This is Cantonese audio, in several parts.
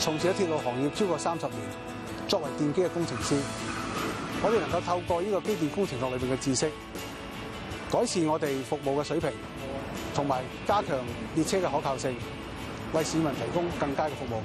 從事咗鐵路行業超過三十年，作為電機嘅工程師，我哋能夠透過呢個機電工程學裏邊嘅知識，改善我哋服務嘅水平，同埋加強列車嘅可靠性，為市民提供更加嘅服務。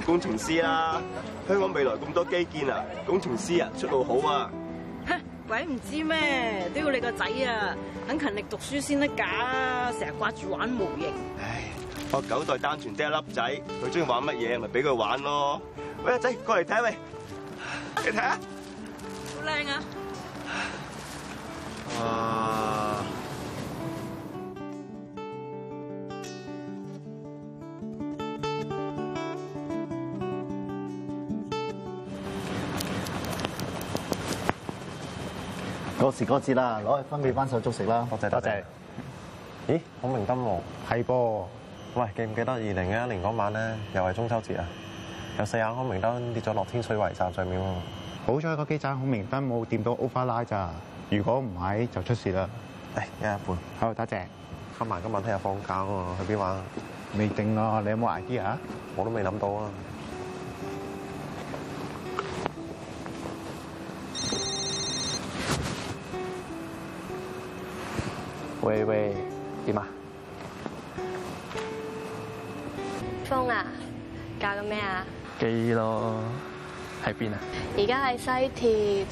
做工程師啦！香港未來咁多基建啊，工程師啊，出路好啊！哈，鬼唔知咩，都要你個仔啊，肯勤力讀書先得噶，成日掛住玩模型。唉，我九代單傳得一粒仔，佢中意玩乜嘢咪俾佢玩咯。喂，阿仔，過嚟睇喂！你睇下！好靚啊！啊！過時過節啦，攞的去分俾班手足食啦。多謝多謝。謝謝咦孔明燈喎、啊？係噃的。喂，記唔記得二零一一年嗰晚咧，又係中秋節啊？有四眼孔明燈跌咗落天水圍站上面喎、啊。好彩嗰幾盞孔明燈冇掂到歐花拉咋，如果唔係就出事啦。嚟、哎，一一半。好，多謝，謝。阿明，今晚聽日放假喎、啊，去邊玩、啊？未定啊，你有冇 idea 啊？我都未諗到啊。喂喂，點啊？峰啊，教緊咩啊？機咯，喺邊啊？而家喺西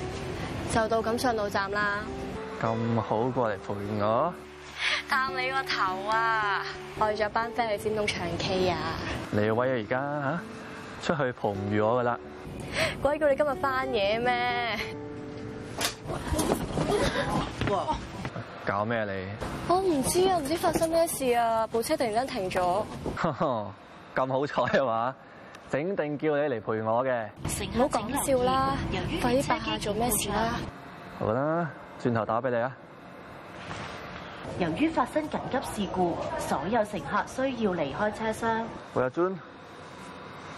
鐵，就到錦上路站啦。咁好過嚟陪我？探你個頭啊！我約咗班 friend 去尖東唱 K 啊！你威啊！而家吓，出去蒲唔住我噶啦！鬼叫你今日返嘢咩？搞咩啊，你？我唔知啊，唔知發生咩事啊，部車突然間停咗。咁好彩啊嘛，整定叫你嚟陪我嘅。唔好講笑啦，快啲伯下做咩事啦？好啦，轉頭打俾你啊。由於發生緊急事故，所有乘客需要離開車廂。喂阿尊。June?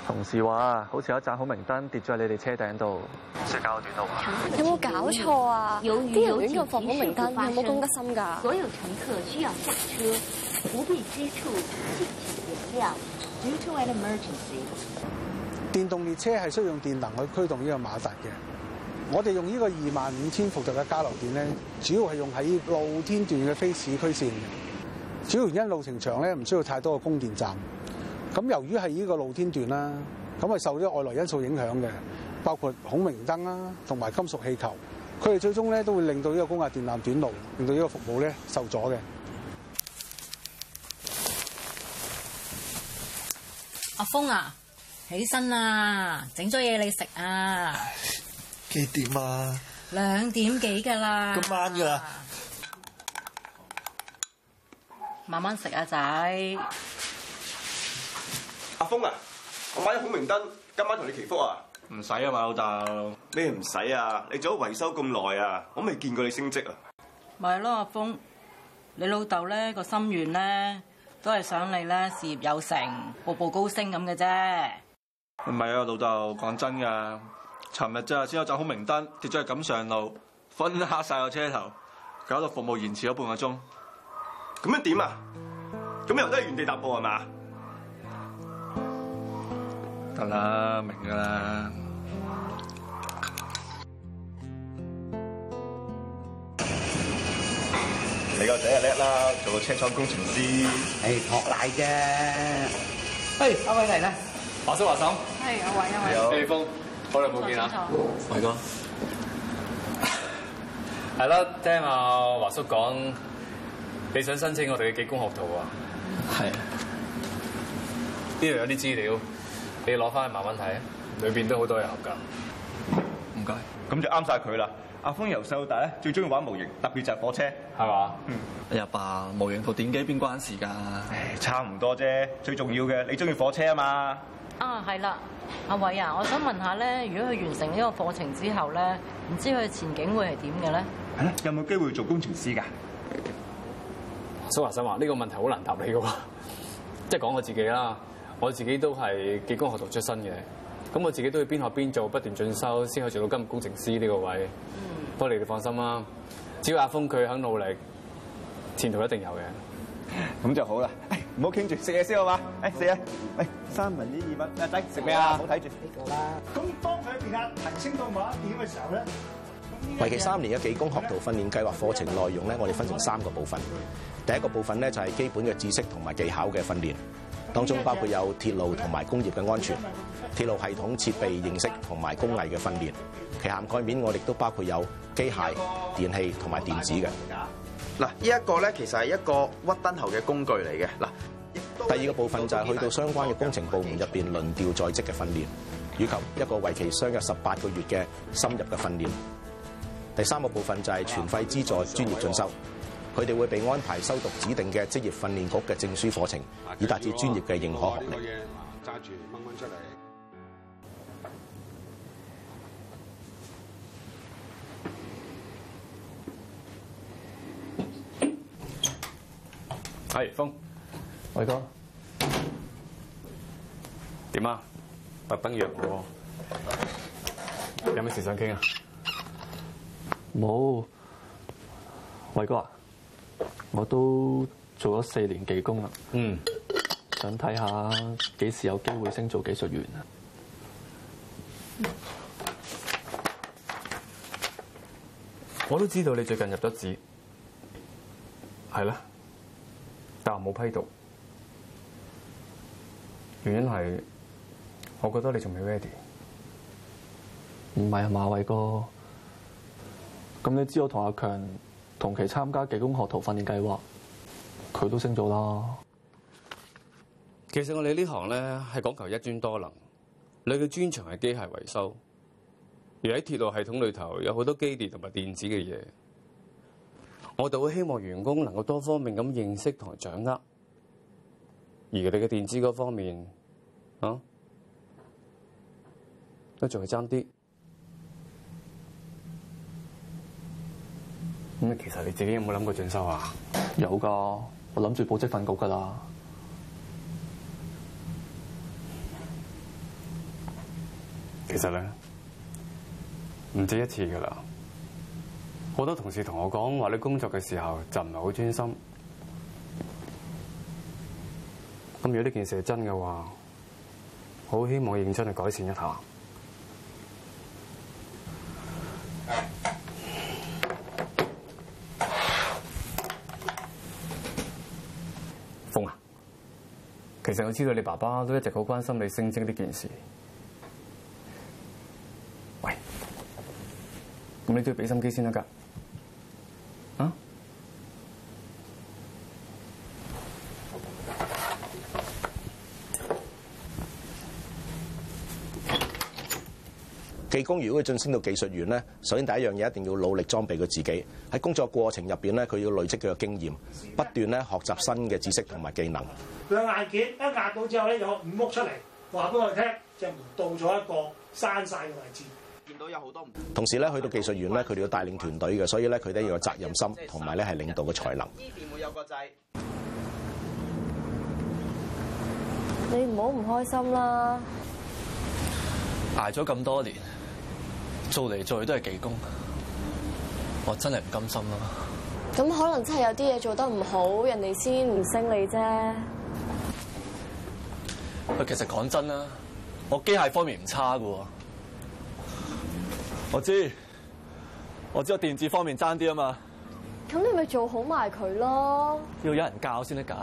同事話，好似有一盞孔明燈跌咗喺你哋車頂度，唔使搞短路啊！有冇搞錯啊？啲人點用放孔明燈？有冇公德心㗎？所有乘客需要下車，不便之處，敬請諒解。Due to an emergency，電動列車係需要用電能去驅動呢個馬達嘅。我哋用呢個二萬五千伏特嘅交流電咧，主要係用喺露天段嘅非市區線。主要原因路程長咧，唔需要太多嘅供電站。咁由於係呢個露天段啦，咁係受啲外來因素影響嘅，包括孔明燈啦，同埋金屬氣球，佢哋最終咧都會令到呢個高壓電纜短路，令到呢個服務咧受阻嘅。阿峰啊，起身啦，整咗嘢你食啊。幾點啊？兩點幾㗎啦。今晚㗎喇。慢慢食啊，仔。阿峰啊，我買咗孔明燈，今晚同你祈福啊！唔使啊，嘛老豆。咩唔使啊？你做咗維修咁耐啊，我未見過你升職啊！咪咯，阿峰，你老豆咧個心願咧都係想你咧事業有成，步步高升咁嘅啫。唔係啊，老豆，講真噶，尋日就先有盞孔明燈跌咗去錦上路，燻黑晒個車頭，搞到服務延遲咗半個鐘。咁樣點啊？咁又都係原地踏步係嘛？得啦，明噶啦。你個仔又叻啦，做個車廠工程師，哎，托大嘅。哎，阿偉嚟啦，華叔華嬸，係阿偉阿偉。阿峰，好耐冇見啦，偉哥。係咯，聽下華叔講，你想申請我哋嘅技工學徒啊？係。呢度有啲資料。你攞翻去慢慢睇啊，裏邊都好多嘢學㗎。唔該，咁謝就啱晒佢啦。阿峰由細到大咧，最中意玩模型，特別就係火車，係嘛吧？嗯。阿、哎、爸，模型同電機邊關事㗎？誒，差唔多啫。最重要嘅，你中意火車啊嘛。啊，係啦。阿偉啊，我想問下咧，如果佢完成呢個課程之後咧，唔知佢前景會係點嘅咧？係啦、啊，有冇機會做工程師㗎？蘇華生話：呢、這個問題好難答你嘅喎，即係講我自己啦。我自己都係技工學徒出身嘅，咁我自己都要邊學邊做，不斷進修，先可以做到今日工程師呢個位。不過、嗯、你哋放心啦，只要阿峰佢肯努力，前途一定有嘅。咁就好啦，唔好傾住，食嘢先好嘛。誒食啊！誒三文魚意粉。誒仔食咩啊？唔好睇住。咁、啊、當佢嘅壓力提升到某一點嘅時候咧，為期三年嘅技工學徒訓練計劃課程內容咧，我哋分成三個部分。第一個部分咧就係、是、基本嘅知識同埋技巧嘅訓練。當中包括有鐵路同埋工業嘅安全，鐵路系統設備認識同埋工藝嘅訓練。其涵蓋面我哋都包括有機械、電器同埋電子嘅。嗱，呢一個咧其實係一個屈蹲頭嘅工具嚟嘅。嗱，第二個部分就係去到相關嘅工程部門入邊輪調在職嘅訓練，以及一個為期相約十八個月嘅深入嘅訓練。第三個部分就係全費資助專業進修。佢哋會被安排修讀指定嘅職業訓練局嘅證書課程，以達至專業嘅認可學歷。揸住掹翻出嚟。係峰，偉哥，點啊？特登約我，有咩事想傾啊？冇，偉哥。我都做咗四年技工啦，嗯，想睇下幾時有機會升做技術員啊！嗯，我都知道你最近入咗紙，係啦，但係冇批讀，原因係我覺得你仲未 ready，唔係啊，馬偉哥，咁你知我同阿強？同期參加技工學徒訓練計劃，佢都升咗啦。其實我哋呢行咧係講求一專多能，你嘅專長係機械維修，而喺鐵路系統裏頭有好多機電同埋電子嘅嘢，我哋會希望員工能夠多方面咁認識同埋掌握，而佢哋嘅電子嗰方面啊，都仲係爭啲。咁其實你自己有冇諗過進修啊？有噶，我諗住報職訓局噶啦。其實咧，唔止一次噶啦。好多同事同我講話，你工作嘅時候就唔係好專心。咁如果呢件事係真嘅話，好希望認真去改善一下。其實我知道你爸爸都一直好關心你升職呢件事。喂，咁你都要俾心機先啦，技工如果佢晉升到技術員咧，首先第一樣嘢一定要努力裝備佢自己。喺工作過程入邊咧，佢要累積佢嘅經驗，不斷咧學習新嘅知識同埋技能。佢嘅硬件一壓到之後咧，有個五屋出嚟，話俾我哋聽，即係到咗一個閂晒嘅位置。見到有好多唔同。同時咧，去到技術員咧，佢哋要帶領團隊嘅，所以咧佢哋要有責任心，同埋咧係領導嘅才能。呢邊會有個掣。你唔好唔開心啦！捱咗咁多年。做嚟做去都係技工，我真係唔甘心啦。咁可能真係有啲嘢做得唔好，人哋先唔升你啫。喂，其實講真啦，我機械方面唔差噶。我知，我知，我電子方面爭啲啊嘛。咁你咪做好埋佢咯。要有人教先得噶。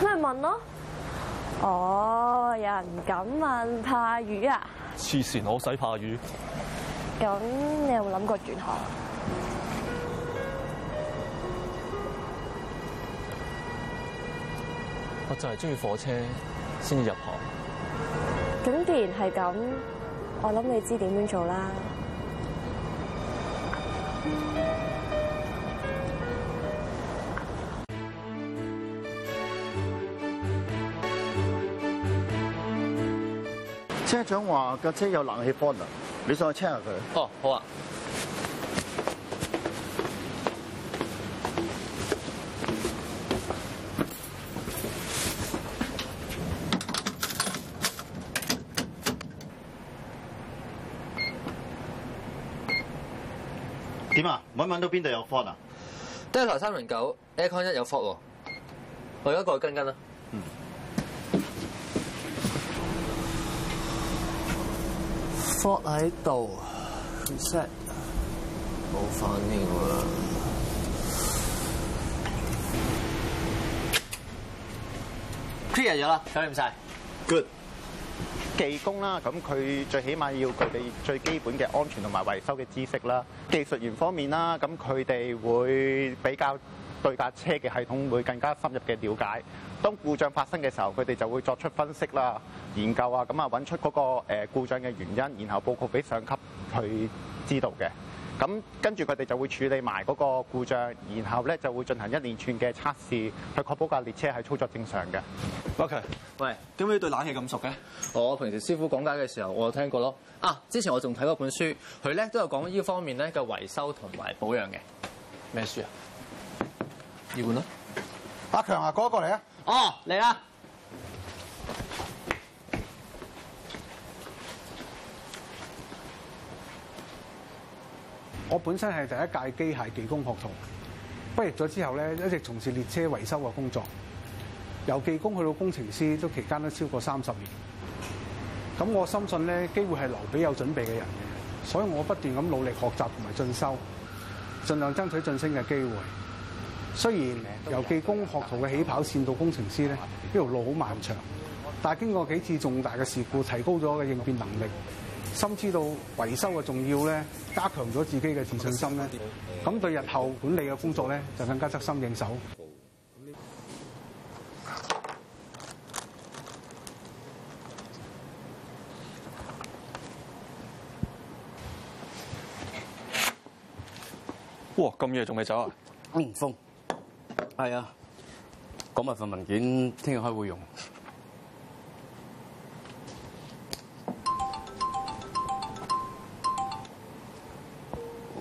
咁咪問咯。哦，有人唔敢問怕魚啊？黐線，我使怕魚。咁你有冇諗過轉行？我就係中意火車先至入行。咁既然係咁，我諗你知點樣做啦。車長話架車有冷氣波啊！你上去 check 下佢。哦，好啊。點啊？揾唔揾到邊度有 fault 啊？德台三零九 aircon 一有 fault 喎、啊。我而家過去跟跟啦。嗯。fault 喺度，reset 冇反應啦。Clear 咗啦，搞掂晒。Good。技工啦，咁佢最起碼要佢哋最基本嘅安全同埋維修嘅知識啦。技術員方面啦，咁佢哋會比較。對架車嘅系統會更加深入嘅了解。當故障發生嘅時候，佢哋就會作出分析啦、研究啊，咁啊揾出嗰個故障嘅原因，然後報告俾上級去知道嘅。咁跟住佢哋就會處理埋嗰個故障，然後咧就會進行一連串嘅測試，去確保架列車係操作正常嘅。OK，喂，點解你對冷氣咁熟嘅？我平時師傅講解嘅時候，我聽過咯。啊，之前我仲睇過本書，佢咧都有講呢方面咧嘅維修同埋保養嘅。咩書啊？要換啦！阿強啊，過一過嚟啊！哦，嚟啦！我本身係第一屆機械技工學徒，畢業咗之後咧，一直從事列車維修嘅工作，由技工去到工程師，都期間都超過三十年。咁我深信咧，機會係留俾有準備嘅人嘅，所以我不斷咁努力學習同埋進修，盡量爭取晉升嘅機會。雖然由技工學徒嘅起跑線到工程師咧，呢條路好漫長，但係經過幾次重大嘅事故，提高咗嘅應變能力，深知到維修嘅重要咧，加強咗自己嘅自信心咧，咁對日後管理嘅工作咧，就更加得心應手。哇！咁夜仲未走啊？嗯，峰係啊，講埋份文件，聽日開會用。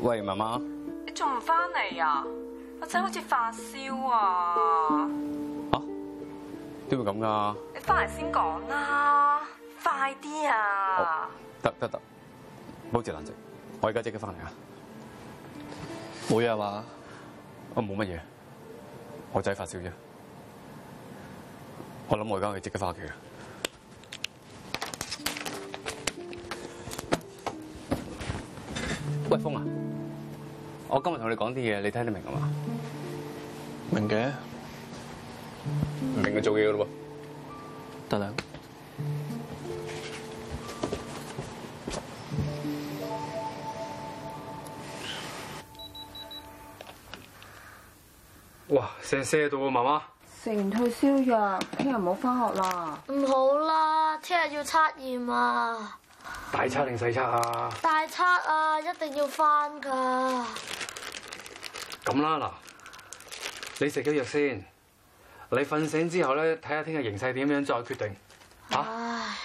喂，媽媽，你仲唔翻嚟啊？阿仔好似發燒啊！啊？點會咁噶？你翻嚟先講啦，快啲啊！得得得，保持冷靜，我而家即刻翻嚟啊！會啊嘛？我冇乜嘢。我仔發燒啫，我諗我而家要即刻翻屋企啊！喂，峰啊，我今日同你講啲嘢，你睇得明啊嘛？明嘅，唔明嘅做嘢咯噃，得啦。哇，成四十度啊，媽媽！食完退燒藥，聽日唔好返學啦。唔好啦，聽日要測驗啊。大測定細測啊？大測啊，一定要返㗎。咁啦，嗱，你食咗藥先，你瞓醒之後咧，睇下聽日形勢點樣再決定。啊，唉，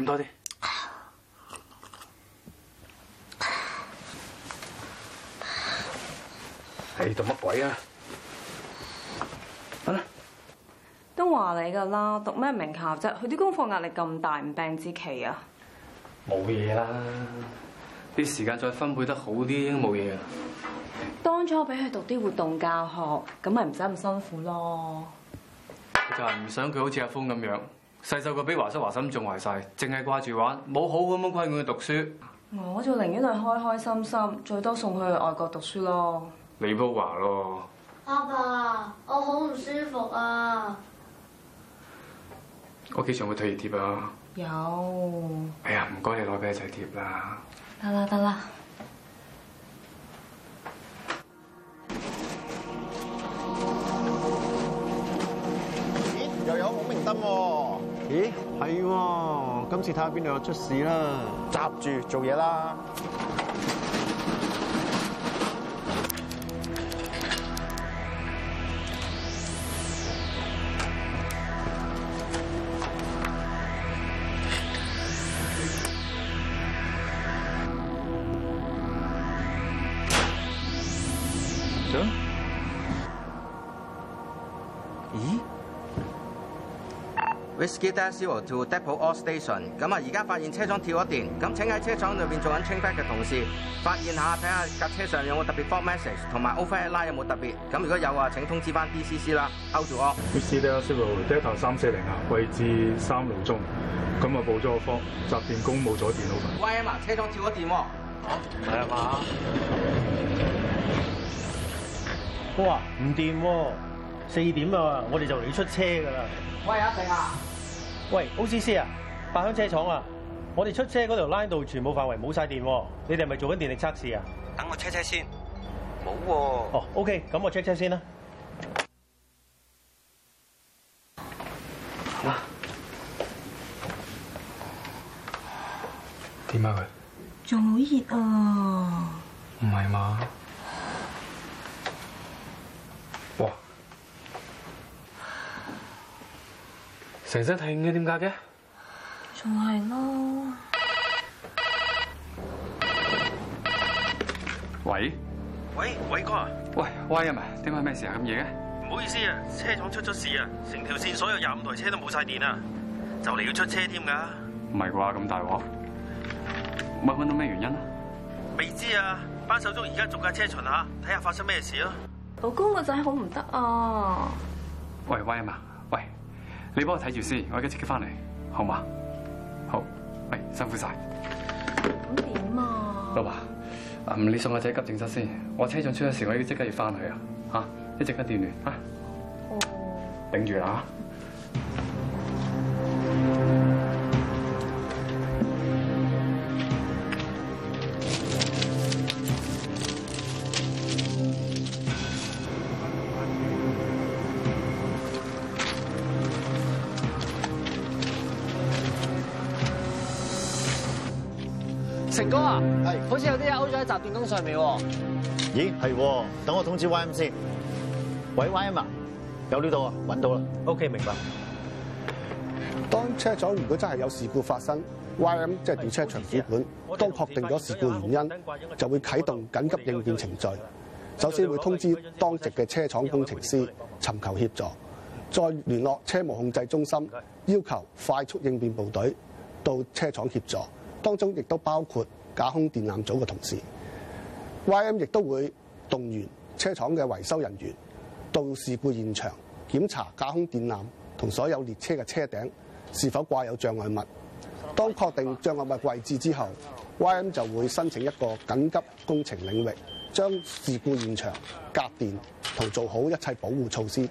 飲多啲。係讀乜鬼啊？得啦，都話你噶啦，讀咩名校啫？佢啲功課壓力咁大，唔病至奇啊！冇嘢啦，啲時間再分配得好啲，應該冇嘢啊。當初俾佢讀啲活動教學，咁咪唔使咁辛苦咯。佢就係唔想佢好似阿峰咁樣細細個，小俾華叔華嬸仲壞晒，淨係掛住玩，冇好咁樣規管佢讀書。我就寧願佢開開心心，最多送去外國讀書咯。李波華咯，阿爸，爸，我好唔舒服啊我會！屋企有冇退熱貼啊？有。哎呀，唔該你攞俾阿仔貼啦。得啦得啦。啊、咦，又有孔明燈喎！咦，係，今次睇下邊度有出事啦！閘住做嘢啦。Whisky Dash Zero to Depot All Station，咁啊，而家發現車廠跳咗電，咁請喺車廠裏邊做緊清灰嘅同事發現一下，睇下架車上有冇特別 fault message，同埋 overhead line 有冇特別，咁如果有啊，請通知翻 DCC 啦，勾住我。Whisky Dash Zero Data 三四零啊，位置三路中，咁啊報咗個方，集電弓冇咗電腦。喂啊，車廠跳咗電喎，好係嘛？哥哇，唔掂喎。四點啦，我哋就嚟要出車噶啦。喂，阿峰啊，喂，O C C 啊，八鄉車廠啊，我哋出車嗰條 lane 度全部範圍冇晒電，啊，你哋係咪做緊電力測試啊？等我 check check 先，冇喎，啊 oh, okay，啊。哦，O K，咁我 check check 先啦。點解佢？仲好熱啊不是！唔係嘛？成身痛嘅，點解嘅？仲係咯。喂喂喂，哥啊！喂威啊嘛，點解咩事啊咁夜嘅？唔好意思啊，車廠出咗事啊，成條綫所有廿五台車都冇晒電啊，就嚟要出車添噶。唔係啩？咁大鑊？乜問到咩原因啊？未知啊，班手足而家逐架車巡下，睇下發生咩事啊！老公個仔好唔得啊！喂威啊嘛。你幫我睇住先，我而家即刻翻嚟，好嗎？好，喂、哎，辛苦晒。咁點啊？老婆，嗯，你送我仔急症室先，我車上出咗事，我要即刻要翻去啊！吓，一陣間電聯啊，哦、嗯。頂住啦！嗯成哥啊，係是，好似有啲嘢 o 咗喺集電弓上面喎。咦，係，等我通知 Y M 先。喂，Y M 啊，有呢度啊，搵到啦。O、okay, K，明白。當車廠如果真係有事故發生，Y M 即係電車場主管，當確定咗事故原因，就會啟動緊急應變程序。首先會通知當值嘅車廠工程師尋求協助，嗯、再聯絡車務控制中心，嗯、要求快速應變部隊到車廠協助。當中亦都包括架空電纜組嘅同事，YM 亦都會動員車廠嘅維修人員到事故現場檢查架空電纜同所有列車嘅車頂是否掛有障礙物。當確定障礙物位置之後，YM 就會申請一個緊急工程領域，將事故現場隔電同做好一切保護措施。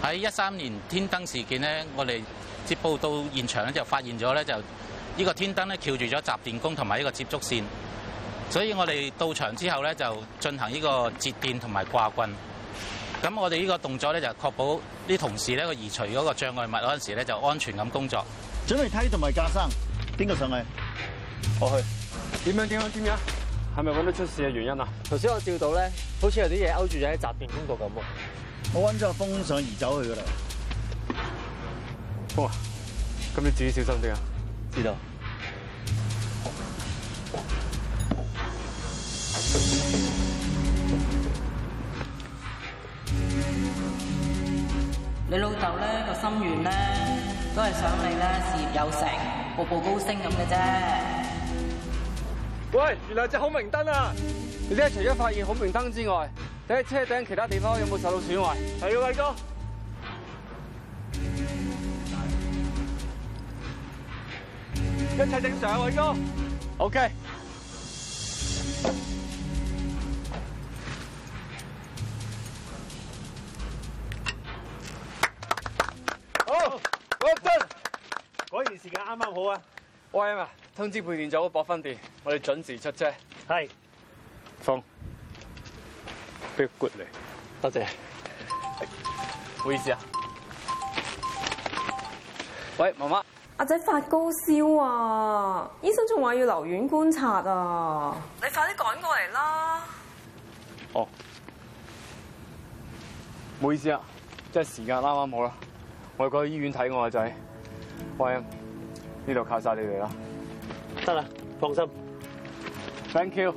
喺一三年天燈事件呢，我哋接報到現場咧就發現咗咧就。呢個天燈咧翹住咗集電弓同埋呢個接觸線，所以我哋到場之後咧就進行呢個截電同埋掛棍。咁我哋呢個動作咧就確保啲同事咧個移除嗰個障礙物嗰陣時咧就安全咁工作。準備梯同埋架生，邊個上去？我去。點樣？點樣？點樣？係咪揾到出事嘅原因啊？頭先我照到咧，好似有啲嘢勾住咗喺集電弓度，咁我揾咗峰上移走去㗎啦。哥、哦，咁你自己小心啲啊！知道你老豆咧個心願咧，都係想你咧事業有成，步步高升咁嘅啫。喂，原來係隻孔明燈啊！你呢除咗發現孔明燈之外，你喺車頂其他地方有冇受到損壞？係啊，偉哥？一切正常，偉哥。OK。好，我得。嗰段時間啱啱好啊。喂啊，通知配電組博分電，我哋準時出車。係。風，very good 嚟，多謝。護士啊，喂，媽媽。阿仔發高燒啊，醫生仲話要留院觀察啊！你快啲趕過嚟啦！哦，唔好意思啊，即係時間啱啱好啦，我過去醫院睇我個仔，喂，係呢度靠晒你哋啦，得啦，放心，thank you。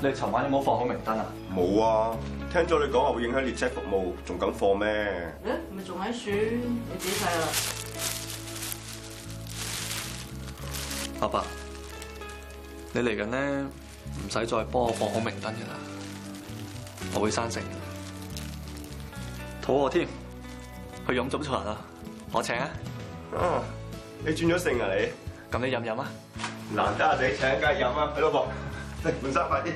謝謝你。尋晚有冇放好明燈啊？冇啊。聽咗你講話會影響列車服務，仲敢放咩？誒，唔係仲喺樹，你自己睇啦。阿伯，你嚟緊咧，唔使再幫我放孔明燈嘅啦，我會生性肚餓添，去飲早茶啦，我請啊。嗯，你轉咗性啊你？咁你飲唔飲啊？難得你請梗係飲啊，老婆，換衫快啲。